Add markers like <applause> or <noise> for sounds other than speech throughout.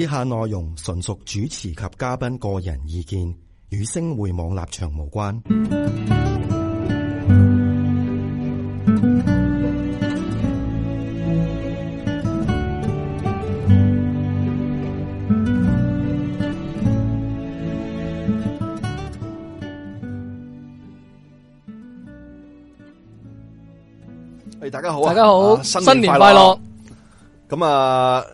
以下內容純屬主持及嘉賓個人意見，與星匯網立場無關。大家好，大家好，新年快樂！咁啊。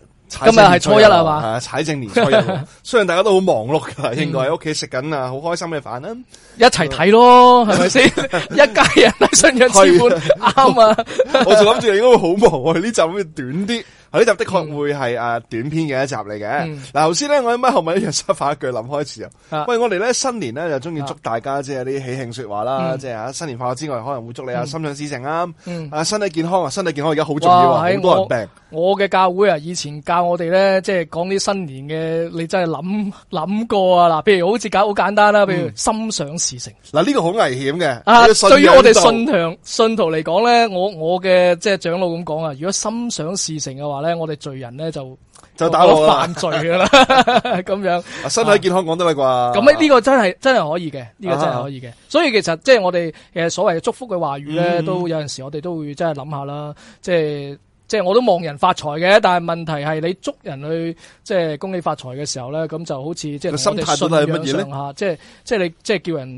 今日係初一啦係嘛？踩正年初一， <laughs> 雖然大家都好忙碌噶，應該喺屋企食緊啊，好開心嘅飯啦， <laughs> 一齊睇咯，係咪先？ <laughs> <laughs> 一家人嚟上一次半，啱啊！我就諗住你應該會好忙，呢集會短啲。呢、啊、集的確會係啊短篇嘅一集嚟嘅。嗱、嗯，頭先咧，我喺後尾又出翻一句諗開始啊。喂，我哋咧新年咧就中意祝大家即係啲喜慶說話啦，嗯、即係啊新年快樂之外，可能會祝你啊心想事成啊。嗯嗯、啊，身體健康啊，身體健康而家好重要啊，好多人病。我嘅教會啊，以前教我哋咧，即係講啲新年嘅，你真係諗諗過啊。嗱，譬如好似搞好簡單啦，譬如心想事成。嗱，呢個好危險嘅。啊，這個、啊對於我哋信徒信徒嚟講咧，我我嘅即係長老咁講啊，如果心想事成嘅話。話咧，我哋罪人咧就就打到犯罪噶啦咁樣。 <laughs> 身體健康講得咪，啩？咁咧呢個真係真係可以嘅，啊、呢個真係可以嘅。所以其實即係、就是、我哋誒所謂祝福嘅話語咧，嗯、都有陣時我哋都會真係諗下啦，即係。即係我都望人發財嘅，但係問題係你捉人去即係恭喜發財嘅時候咧，咁就好似即係我哋信仰上下，心呢即係即係你即係叫人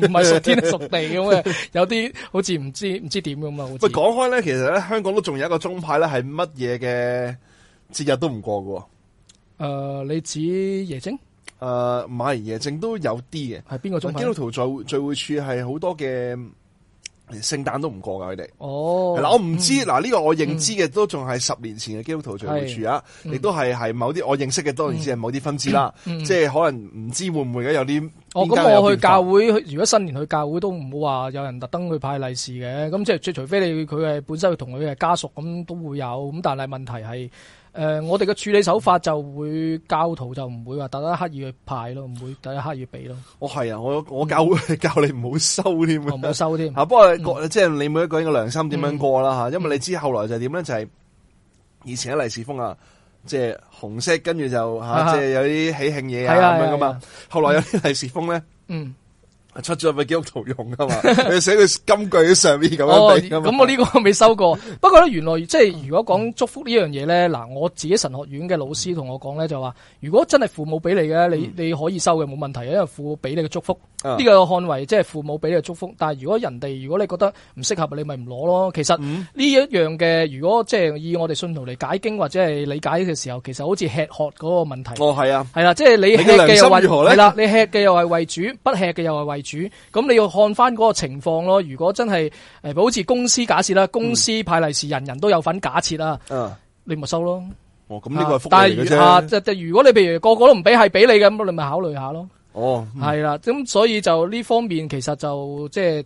唔係屬天屬 <laughs> 地咁嘅，有啲好似唔知唔 <laughs> 知點咁啊！喂，講開咧，其實咧，香港都仲有一個宗派咧，係乜嘢嘅節日都唔過嘅。誒、呃，你指耶證？誒、呃，唔係耶證都有啲嘅。係邊個宗派？基督徒聚會聚會處係好多嘅。連聖誕都唔過噶佢哋，係、哦、我唔知，嗱呢、嗯、個我認知嘅都仲係十年前嘅基督徒聚會處啊，是，亦都係係某啲我認識嘅，多年前係某啲分支啦，嗯、即係可能唔知會唔會而家有啲。我咁、哦、我去教會，如果新年去教會都唔會話有人特登去派利是嘅，咁即係即除非你佢係本身同佢嘅家屬咁都會有，咁但係問題係。誒、呃，我哋嘅處理手法就會教徒就唔會話特登刻意去派咯，唔會特登刻意俾咯。我係、哦、啊，我我教會、嗯、教你唔好收添，唔好收添。吓、啊，不過、嗯、即係你每一個人嘅良心點樣過啦吓，嗯、因為你知後來就點咧，就係、是、以前嘅利、是封啊，即係紅色，跟住就吓，即、啊、係、啊、有啲喜慶嘢啊咁、啊啊、樣㗎嘛。後來有啲利是封咧，嗯。出咗咪基督徒用㗎嘛？你寫佢金句喺上面咁樣咁，哦，我呢個未收過。 <laughs> 不過咧，原來即係、就是、如果講祝福呢樣嘢咧，嗱，我自己神學院嘅老師同我講咧，就話如果真係父母俾你嘅，你你可以收嘅冇問題，因為父母俾你嘅祝福呢，啊，個看為即係、就是、父母俾你嘅祝福。但係如果人哋如果你覺得唔適合，你咪唔攞咯。其實呢一、嗯、樣嘅，如果即係、就是、以我哋信徒嚟解經或者係理解嘅時候，其實好似吃喝嗰個問題。哦，係啊，係啦、啊，即、就、係、是、你吃嘅又係啦、啊，你吃嘅又係為主，不吃嘅又係為主。咁你要看翻嗰個情況咯。如果真係誒，好、呃、似公司假設啦，公司、嗯、派利是，人人都有份假設啊。嗯、你咪收咯。哦，咁呢個係福利，但係即、呃呃、如果你譬如個個都唔俾，係俾你嘅，咁你咪考慮下咯。哦，係、嗯、啦。咁所以就呢方面其實就即係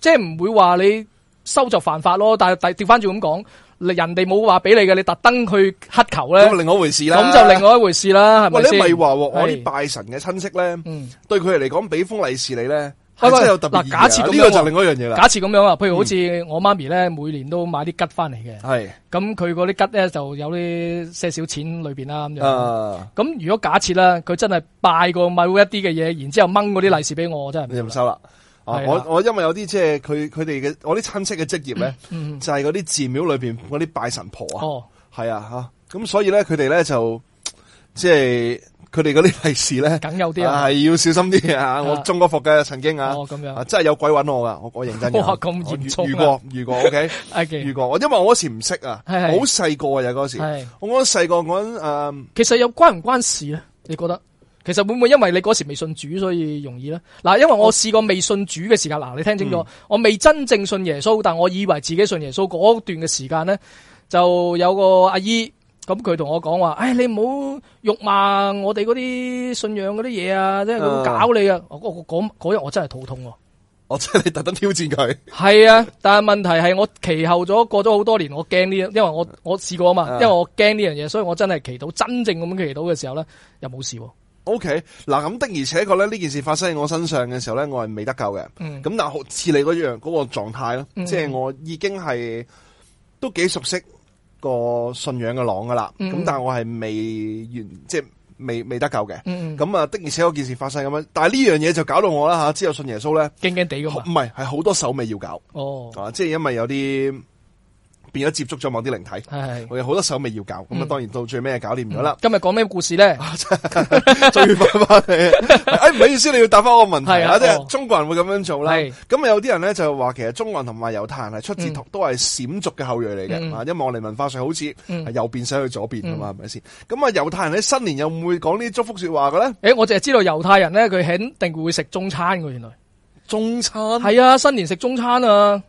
即係唔會話你收就犯法咯。但係但係調翻轉咁講。人哋冇話俾你嘅，你特登去乞求咧，咁就另外一回事啦。咁就另外一回事啦，係咪先？喂，你咪話我哋拜神嘅親戚咧，是對佢嚟講俾封利、嗯、是你咧，真係有特別。嗱，假設呢個就另外一樣嘢啦。假設咁樣啊，譬如好似我媽咪咧，每年都買啲桔翻嚟嘅，係、嗯。咁佢嗰啲桔咧就有啲些少錢裏邊啦。咁是樣，咁如果假設啦，佢真係拜過買過一啲嘅嘢，然之後掹嗰啲利是俾我，我真係唔收啦。我我因為有啲即係佢佢哋嘅我啲親戚嘅職業咧，就係嗰啲寺廟裏邊嗰啲拜神婆啊。哦，係啊吓，咁所以咧佢哋咧就即係佢哋嗰啲提示咧，梗有啲啊，係要小心啲啊！我中過伏嘅，曾經啊，哦咁樣，真係有鬼搵我噶，我我認真嘅。咁嚴重啊！遇過，遇過，OK，遇過。因為我嗰時唔識啊，好細個啊，嗰時。我嗰陣細個，我嗰陣誒，其實有關唔關事啊，你覺得？其實會唔會因為你嗰時未信主，所以容易咧？嗱，因為我試過未信主嘅時間，嗱，你聽清楚，嗯、我未真正信耶穌，但我以為自己信耶穌嗰段嘅時間咧，就有個阿姨咁佢同我講話，唉，你唔好辱罵我哋嗰啲信仰嗰啲嘢啊，啫，佢搞你啊！嗰日我真係肚痛喎，我真係特登挑戰佢。係 <laughs> 啊，但係問題係我期後咗過咗好多年，我驚呢樣，因為我我試過啊嘛，啊因為我驚呢樣嘢，所以我真係祈禱真正咁樣祈禱嘅時候咧，又冇事，啊。O K，嗱咁，的而且確咧，呢件事發生喺我身上嘅時候咧，我係未得救嘅。咁、嗯、但係好似你嗰樣嗰、嗰個狀態咧，即係、嗯、我已經係都幾熟悉個信仰嘅朗噶啦。咁、嗯、但係我係未完，即、就、係、是、未未，未得救嘅。咁啊、嗯、的而且確件事發生咁樣，但係呢樣嘢就搞到我啦吓。之後信耶穌咧，驚驚地唔係係好多手尾要搞。哦，啊，即、就、係、是、因為有啲。變咗接觸咗某啲靈體，係我有好多手尾要搞，咁啊當然到最尾搞掂咗啦。今日講咩故事咧？最八卦嘅，哎唔好意思，你要答翻我個問題啊！即係中國人會咁樣做啦。咁有啲人咧就話，其實中國人同埋猶太人係出自同都係閃族嘅後裔嚟嘅啊！因為我哋文化上好似係由右邊上去左邊噶嘛，係咪先？咁啊猶太人喺新年又唔會講啲祝福說話嘅咧？誒，我淨係知道猶太人咧，佢肯定會食中餐嘅，原來中餐係啊，新年食中餐啊！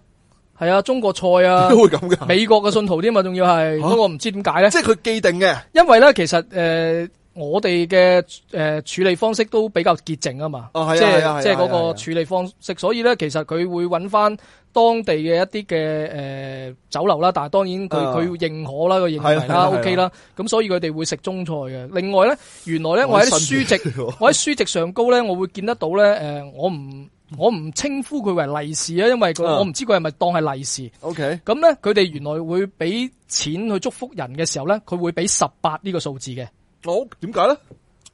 係啊，中國菜啊，都會咁噶。美國嘅信徒添啊，仲要係，不過我唔知點解咧。即係佢既定嘅，因為咧，其實誒，我哋嘅誒處理方式都比較潔淨啊嘛。哦，係啊，即係嗰個處理方式，所以咧，其實佢會揾翻當地嘅一啲嘅誒酒樓啦。但係當然佢佢認可啦，佢認可啦，OK 啦。咁所以佢哋會食中菜嘅。另外咧，原來咧，我喺啲書籍，我喺書籍上高咧，我會見得到咧。誒，我唔。我唔稱呼佢為利是啊，因為佢、啊、我唔知佢係咪當係利是。OK，咁咧佢哋原來會俾錢去祝福人嘅時候咧，佢會俾十八呢個數字嘅。好，點解咧？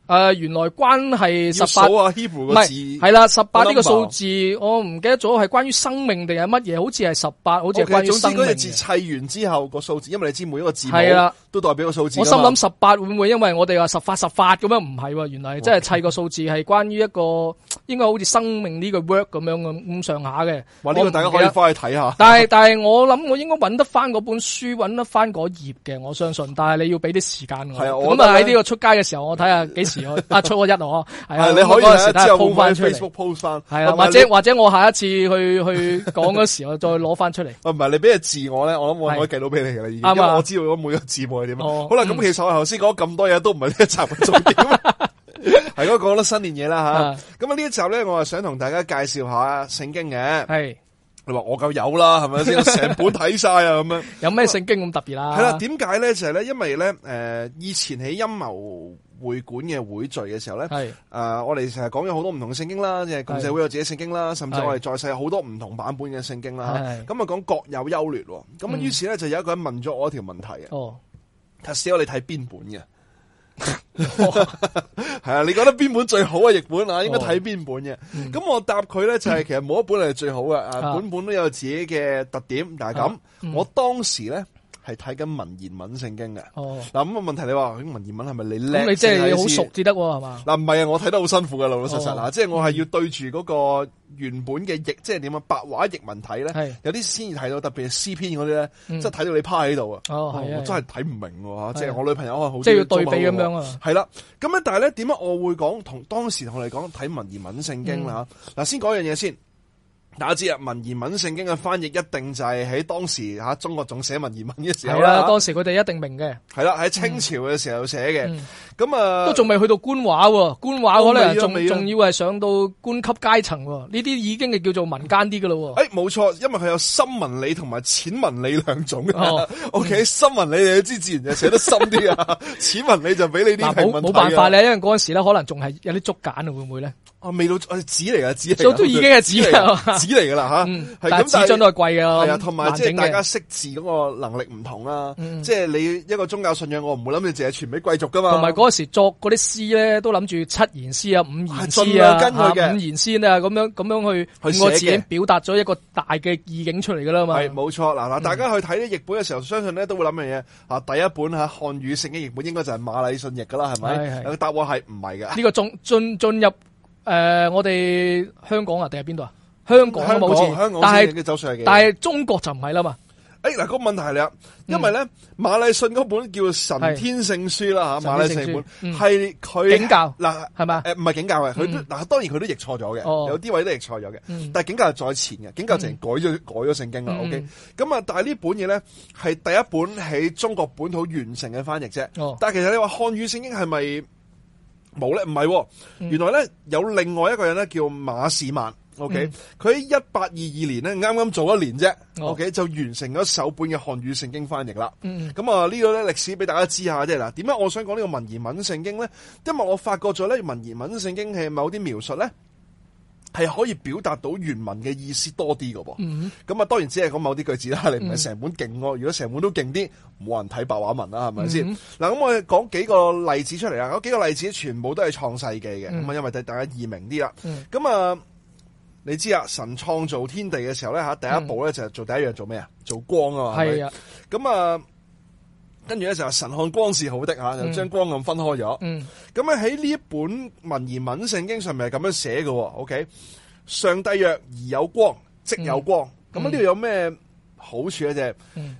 誒，原來關係十八唔係係啦，十八呢個數字，我唔記得咗係關於生命定係乜嘢？好似係十八，好似係關於生命。總之嗰啲字砌完之後個數字，因為你知每一個字係啦，都代表個數字。的我心諗十八會唔會因為我哋話十發十發咁樣唔係？原嚟，即係砌個數字係關於一個。應該好似生命呢個 work 咁樣咁咁上下嘅，話呢個大家可以翻去睇下。但係但係我諗我應該揾得翻嗰本書，揾得翻嗰頁嘅，我相信。但係你要俾啲時間我。係咁啊喺呢個出街嘅時候，我睇下幾時去。阿聰，我一哦，係啊，你可以之後鋪翻出嚟。Facebook post 係或者或者我下一次去去講嗰時候，再攞翻出嚟。唔係你俾個字我咧，我諗我可以計到俾你嘅因為我知道咗每個字母係點。好啦，咁其實我頭先講咁多嘢都唔係呢一集重點。係嗰個啦， <laughs> 新年嘢啦吓。咁啊呢一集咧，我啊想同大家介紹下聖經嘅。係你話我夠有啦，係咪先？成 <laughs> 本睇晒啊，咁樣有咩聖經咁特別啦？係啦，點解咧？就係咧，因為咧，誒、呃，以前喺陰謀會館嘅會聚嘅時候咧，係誒是、呃，我哋成日講咗好多唔同聖經啦，即係共社會有自己聖經啦，甚至我哋在世有好多唔同版本嘅聖經啦。咁是啊，講、嗯、各有優劣。咁啊，於是咧就有一個人問咗我一條問題嘅哦，睇下我哋睇邊本嘅。係 <laughs> <laughs> 啊，你覺得邊本最好啊？譯本啊，應該睇邊本嘅？咁、哦嗯、我答佢咧，就係、是、其實冇一本係最好嘅啊， <laughs> 本本都有自己嘅特點，啊、但係咁，啊嗯、我當時咧。係睇緊文言文聖經嘅，嗱咁個問題，你話文言文係咪你叻？你即係你好熟至得係嘛？嗱唔係啊，我睇得好辛苦嘅，老老實實嗱，即係我係要對住嗰個原本嘅譯，即係點啊白話譯文睇咧，有啲先至睇到，特別詩篇嗰啲咧，即係睇到你趴喺度啊，我真係睇唔明吓，即係我女朋友啊好即係要對比咁樣啊，係啦，咁但係咧點解我會講同當時同你講睇文言文聖經啦吓，嗱先講樣嘢先。大家知啊！文言文聖經嘅翻譯一定就係喺當時吓、啊、中國仲寫文言文嘅時候，係啦、啊。當時佢哋一定明嘅。係啦、啊，喺清朝嘅時候寫嘅。咁、嗯、啊，都仲未去到官話喎。官話可能仲仲要係上到官級階層。呢啲已經係叫做民間啲噶啦。誒、哎，冇錯，因為佢有深文理同埋淺文理兩種。哦、 <laughs> 嗯、，OK，深文理你知道自然就寫得深啲啊，淺 <laughs> 文理就俾你啲冇冇辦法咧，因為嗰陣時咧可能仲係有啲竹簡啊，會唔會咧？啊，未到啊紙嚟啊紙，都都已經係紙，紙嚟噶啦吓，係咁紙張都係貴噶咯。係啊，同埋即係大家識字嗰個能力唔同啊，即係你一個宗教信仰，我唔會諗你淨係傳俾貴族噶嘛。同埋嗰時作嗰啲詩咧，都諗住七言詩啊、五言詩啊、五言詩啊咁樣咁樣去我自己表達咗一個大嘅意境出嚟噶啦嘛。係冇錯，嗱嗱，大家去睇啲譯本嘅時候，相信咧都會諗嘅嘢。啊，第一本吓漢語聖經譯本應該就係馬禮遜譯噶啦，係咪？個答案係唔係噶？呢個進進進入。誒，我哋香港啊，定係邊度啊？香港，香港，香港。但係，嘅但係中國就唔係啦嘛。誒，嗱，個問題係你啊，因為咧，馬禮遜嗰本叫《神天聖書》啦吓，《神天聖書》係佢。景教嗱係嘛？誒，唔係景教嘅，佢嗱當然佢都譯錯咗嘅，有啲位都譯錯咗嘅。但係景教係在前嘅，景教成改咗改咗聖經啦。OK，咁啊，但係呢本嘢咧係第一本喺中國本土完成嘅翻譯啫。哦，但係其實你話漢語聖經係咪？冇咧，唔係、啊，原來咧有另外一個人咧叫馬士曼，OK，佢喺一八二二年咧，啱啱做一年啫，OK、哦、就完成咗首本嘅漢語聖經翻譯啦。咁啊、嗯，個呢個咧歷史俾大家知下啫。嗱，點解我想講呢個文言文聖經咧？因為我發覺咗咧文言文聖經係某啲描述咧。係可以表達到原文嘅意思多啲嘅噃，咁啊、嗯、當然只係講某啲句子啦，你唔係成本勁喎。嗯、如果成本都勁啲，冇人睇白話文啦，係咪先？嗱，咁我哋講幾個例子出嚟啊！嗰幾個例子全部都係創世記嘅，咁啊、嗯，因為大家易明啲啦。咁啊、嗯，你知啊，神創造天地嘅時候咧嚇，第一步咧就係做第一樣做咩啊？做光啊嘛，係、嗯、啊，咁啊。跟住咧就話神看光是好的吓，就將光暗分開咗。咁喺呢一本文言文聖經上面係咁樣寫嘅。O K，上帝曰宜有光，即有光。咁呢度有咩好處咧？就係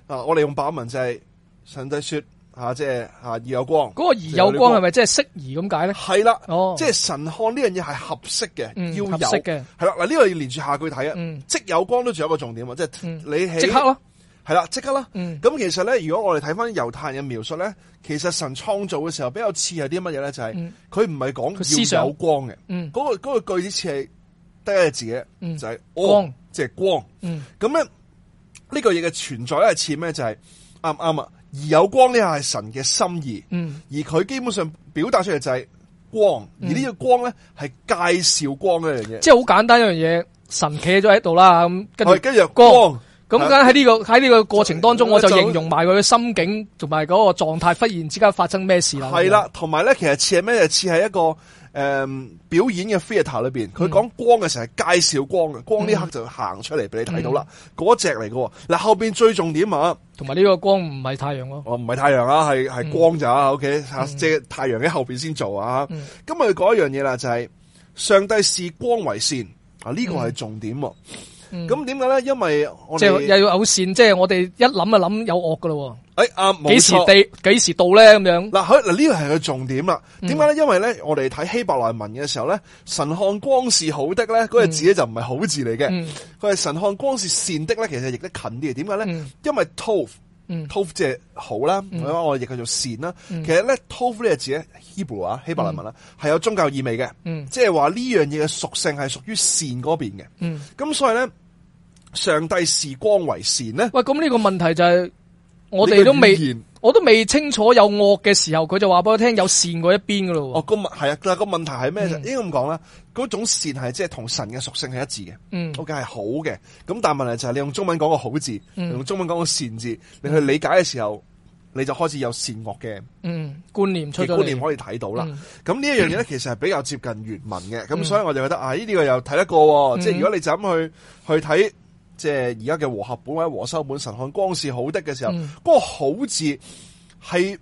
啊，我哋用白文就係上帝說啊，即係啊宜有光。嗰個宜有光係咪即係適宜咁解咧？係啦，哦，即係神看呢樣嘢係合適嘅，要有嘅。係啦，嗱，呢個要連住下句睇啊。即有光都仲有一個重點啊，即係你即刻咯。係啦，即刻啦。咁其實咧，如果我哋睇翻猶太人嘅描述咧，其實神創造嘅時候比較似係啲乜嘢咧？就係佢唔係講要有光嘅。嗰個嗰個句子似係得一個字嘅，就係光，即係光。咁咧呢個嘢嘅存在咧係似咩？就係啱啱啊！而有光呢個係神嘅心意。而佢基本上表達出嚟就係光。而呢個光咧係介紹光一樣嘢，即係好簡單一樣嘢。神企咗喺度啦，跟住跟住光。咁梗呢個喺呢個過程當中，就就就我就形容埋佢嘅心境同埋嗰個狀態，忽然之間發生咩事啦？係啦，同埋咧，其實似係咩？似係一個誒、呃、表演嘅 fair 頭裏邊，佢講、嗯、光嘅時候介紹光嘅光呢刻就行出嚟俾你睇到啦，嗰隻嚟嘅嗱後邊最重點啊，同埋呢個光唔係太陽咯，哦唔係太陽啊，係係、啊、光就 OK，即係太陽喺後邊先做啊，嗯、今日佢講一樣嘢啦，就係、是、上帝視光為善啊，呢、這個係重點、啊。嗯咁點解咧？因為我哋又要有善，即係我哋一諗啊諗有惡噶咯。誒，阿幾時地幾時到咧？咁樣嗱，嗱呢個係個重點啦。點解咧？因為咧，我哋睇希伯來文嘅時候咧，神看光是好的咧，嗰個字咧就唔係好字嚟嘅。佢係神看光是善的咧，其實譯得近啲。點解咧？因為 tof，tof 即係好啦，我哋譯叫做善啦。其實咧，tof 呢個字咧，希伯啊，希伯來文啦，係有宗教意味嘅。嗯，即係話呢樣嘢嘅屬性係屬於善嗰邊嘅。嗯，咁所以咧。上帝視光為善呢？喂，咁呢個問題就係我哋都未，我都未清楚有惡嘅時候，佢就話俾我聽有善過一邊噶咯。哦，個係啊，但係個問題係咩？應該咁講啦，嗰種善係即係同神嘅屬性係一致嘅，嗯，OK 嘅係好嘅。咁但係問題就係你用中文講個好字，用中文講個善字，你去理解嘅時候，你就開始有善惡嘅嗯觀念出嚟，觀念可以睇到啦。咁呢一樣嘢咧，其實係比較接近原文嘅。咁所以我就覺得啊，呢啲又睇得過。即係如果你就咁去去睇。即係而家嘅和合本或者和修本，神漢光是好得嘅時候，嗰、嗯、個好字係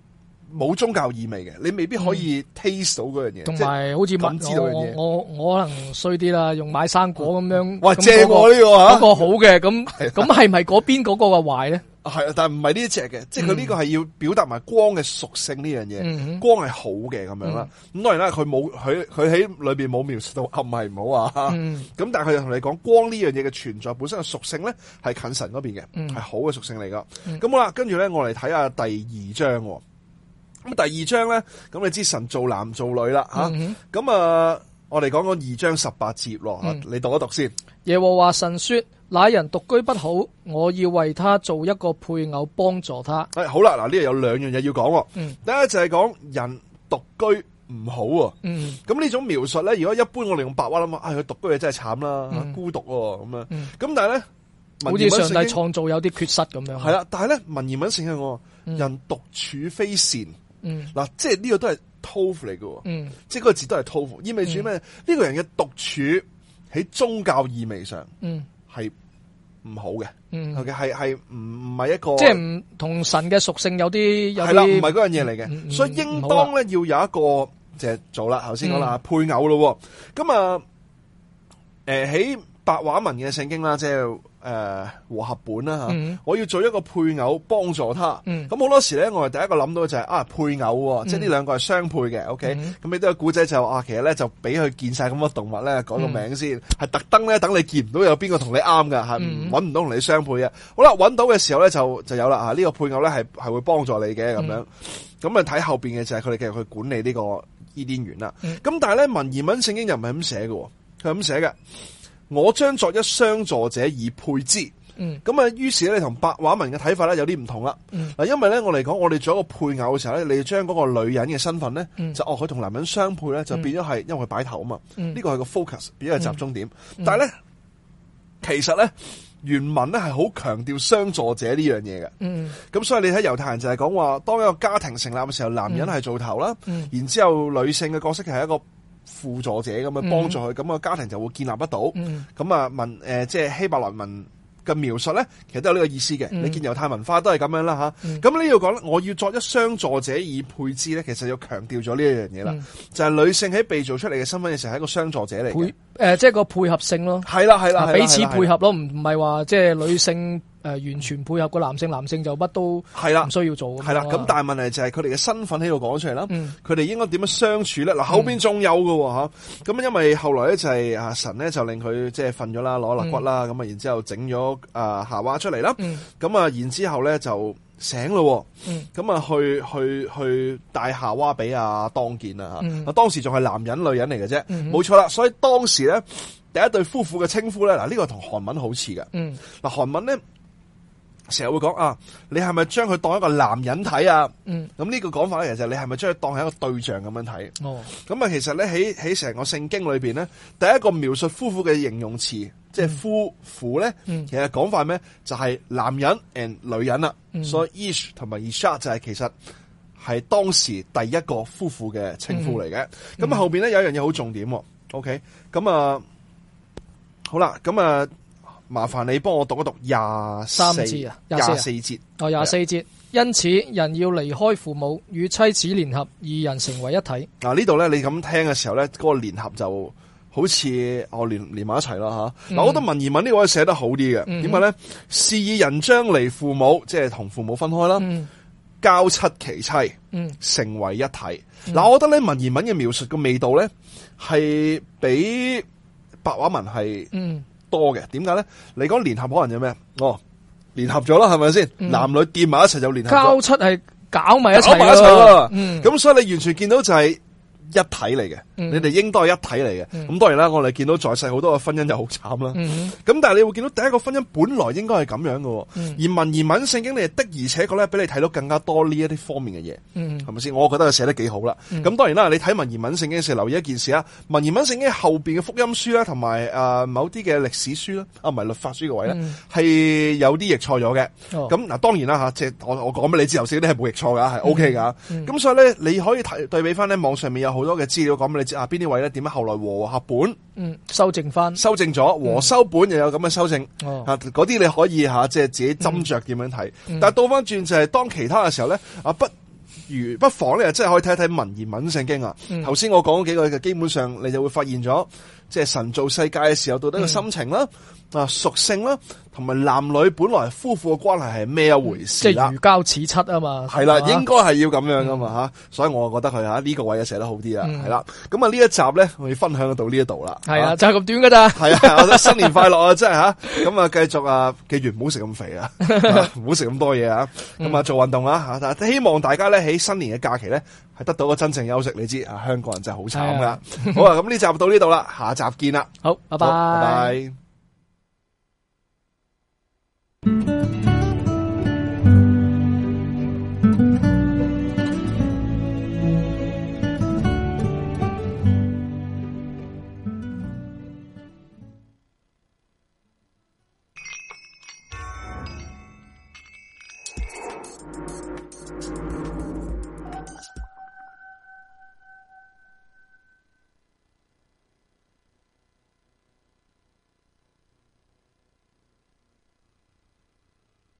冇宗教意味嘅，你未必可以 taste 到嗰樣嘢。同埋、嗯、是好似文知道嘅嘢，我我可能衰啲啦，用買生果咁樣。哇，借過呢、這個，個啊，嗰個好嘅，咁咁係唔係嗰邊嗰個嘅壞咧？ <laughs> 係，但係唔係呢隻嘅，嗯、即係佢呢個係要表達埋光嘅屬性呢、嗯、哼樣嘢，光係好嘅咁樣啦。咁當然啦，佢冇佢佢喺裏邊冇描述到暗係唔好啊。咁、嗯、但係佢又同你講光呢樣嘢嘅存在本身嘅屬性咧，係近神嗰邊嘅，係、嗯、好嘅屬性嚟噶。咁、嗯、好啦，跟住咧我嚟睇下第二章。咁第二章咧，咁你知神造男造女啦吓，咁、嗯、哼啊。我哋講講二章十八節咯，吓你讀一讀先。耶和華神說：那人獨居不好，我要為他做一個配偶幫助他。好啦，嗱呢度有兩樣嘢要講。嗯，第一就係講人獨居唔好。嗯，咁呢種描述咧，如果一般我哋用白話諗話，哎，佢獨居真係慘啦，孤獨咁樣。咁但係咧，好似上帝創造有啲缺失咁樣。係啦，但係咧，文言文成嘅我人獨處非善。嗯，嗱，即係呢個都係。t o 嚟嘅，嗯，即係嗰個字都係 tof 意味住咩？呢、嗯、個人嘅獨處喺宗教意味上，嗯，係唔好嘅，嗯，OK，係係唔係係一個，即係唔同神嘅屬性有啲，係啦，唔係嗰樣嘢嚟嘅，所以應當咧、啊、要有一個，就係做啦，頭先講啦，配偶咯，咁啊、嗯，誒，喺、呃、白話文嘅聖經啦，即係。誒、呃，和合本啦吓，嗯、我要做一個配偶幫助他，咁好、嗯、多時咧，我係第一個諗到就係、是、啊，配偶，即係呢兩個係相配嘅，OK，咁你都有古仔就是、啊，其實咧就俾佢見晒咁嘅動物咧，講個名先，係特登咧等你見唔到有邊個同你啱噶吓，揾唔、嗯、到同你相配啊，好啦，揾到嘅時候咧就就有啦吓，呢、啊這個配偶咧係係會幫助你嘅咁、嗯、樣，咁啊睇後邊嘅就係佢哋其實去管理個、嗯、呢個伊甸園啦，咁但係咧文言文聖經又唔係咁寫嘅，佢係咁寫嘅。我將作一相助者以配之。咁啊、嗯，於是咧，你同白話文嘅睇法咧有啲唔同啦。嗱、嗯，因為咧，我嚟講，我哋做一個配偶嘅時候咧，你將嗰個女人嘅身份咧，嗯、就哦，佢同男人相配咧，就變咗係、嗯、因為佢擺頭啊嘛。呢、嗯、個係個 focus，變咗係集中點。但係咧，其實咧，原文咧係好強調相助者呢樣嘢嘅。咁、嗯、所以你睇猶太人就係講話，當一個家庭成立嘅時候，男人係做頭啦，嗯嗯、然之後女性嘅角色係一個。輔助者，咁樣幫助佢，咁個家庭就會建立得到。咁啊、嗯，文誒、呃，即係希伯來文嘅描述咧，其實都有呢個意思嘅。嗯、你見猶太文化都係咁樣啦吓。咁呢度講咧，我要作一相助者以配之咧，其實要強調咗呢一樣嘢啦，嗯、就係女性喺被造出嚟嘅身份嘅時候，係一個相助者嚟嘅。誒、呃，即係個配合性咯，係啦係啦，彼此配合咯，唔唔係話即係女性。 <laughs> 誒、呃，完全配合個男性，男性就乜都係啦，唔需要做係啦。咁但係問題就係佢哋嘅身份喺度講出嚟啦。佢哋、嗯、應該點樣相處咧？嗱，後邊仲有嘅吓，咁、嗯啊、因為後來咧就係阿神咧就令佢即係瞓咗啦，攞肋骨啦，咁啊、嗯，然之後整咗啊夏娃出嚟啦。咁啊，然之後咧就醒咯。嗯，咁啊，去去去帶夏娃俾阿當健啊。當時仲係男人女人嚟嘅啫。冇、嗯、錯啦。所以當時咧第一對夫婦嘅稱呼咧，嗱、這、呢個同韓文好似嘅。嗯，嗱韓、啊、文咧。成日會講啊，你係咪將佢當一個男人睇啊？嗯，咁呢個講法咧，其實、就係、你係咪將佢當係一個對象咁樣睇？哦，咁啊，其實咧喺喺成個聖經裏邊咧，第一個描述夫婦嘅形容詞，嗯、即係夫婦咧，嗯、其實講法咩？就係男人 and 女人啦，嗯、所以 ish 同埋 ishah 就係其實係當時第一個夫婦嘅稱呼嚟嘅。咁、嗯嗯、後邊咧有一樣嘢好重點、哦、OK，咁啊，好啦，咁啊。麻煩你幫我讀一讀廿三節啊，廿四節哦，廿四節。Yeah. 因此，人要離開父母與妻子連合，二人成為一體。嗱、啊，這裡呢度咧，你咁聽嘅時候咧，嗰、那個連合就好似、哦啊嗯、我連連埋一齊啦吓。嗱，我覺得文言文呢個寫得好啲嘅，點解咧？是以人將離父母，即係同父母分開啦，膠漆其妻，成為一體。嗱，我覺得咧文言文嘅描述嘅味道咧，係比白話文係嗯。多嘅，點解咧？你講聯合可能有咩？哦，聯合咗啦，係咪先？嗯、男女跌埋一齊就聯合。交出係搞埋一齊咯，搞埋一齊，咁、嗯、所以你完全見到就係、是。一體嚟嘅，你哋應該係一體嚟嘅。咁當然啦，我哋見到在世好多嘅婚姻就好慘啦。咁但係你會見到第一個婚姻本來應該係咁樣嘅，而文言文聖經，你係的而且確咧，俾你睇到更加多呢一啲方面嘅嘢，係咪先？我覺得寫得幾好啦。咁當然啦，你睇文言文聖經時留意一件事啊。文言文聖經後邊嘅福音書啦，同埋誒某啲嘅歷史書啦，啊唔係律法書嘅位咧，係有啲譯錯咗嘅。咁嗱，當然啦吓，即係我我講俾你知，頭先啲係冇譯錯噶，係 O K 噶。咁所以咧，你可以睇對比翻咧，網上面有好。好多嘅資料講俾你知，啊邊啲位咧，點樣後來和合本，嗯，修正翻，修正咗和修本又有咁嘅修正，嗯、啊，嗰啲你可以吓、啊，即係自己斟酌點樣睇。嗯、但係倒翻轉就係、是、當其他嘅時候咧，啊，不如不妨咧，即係可以睇一睇文言文聖經啊。頭先、嗯、我講咗幾個嘅，基本上你就會發現咗，即係神造世界嘅時候到底個心情啦、啊。嗯啊，屬性啦，同埋男女本來夫婦嘅關係係咩一回事，即係如膠似漆啊嘛，係啦，應該係要咁樣噶嘛吓，所以我覺得佢吓呢個位寫得好啲啊，係啦，咁啊呢一集咧，我哋分享到呢一度啦。係啊，就係咁短噶咋？係啊，新年快樂啊，真係吓，咁啊，繼續啊，記住唔好食咁肥啊，唔好食咁多嘢啊，咁啊做運動啊吓，希望大家咧喺新年嘅假期咧，係得到個真正休息，你知啊，香港人真係好慘噶。好啊，咁呢集到呢度啦，下集見啦，好，拜拜，拜拜。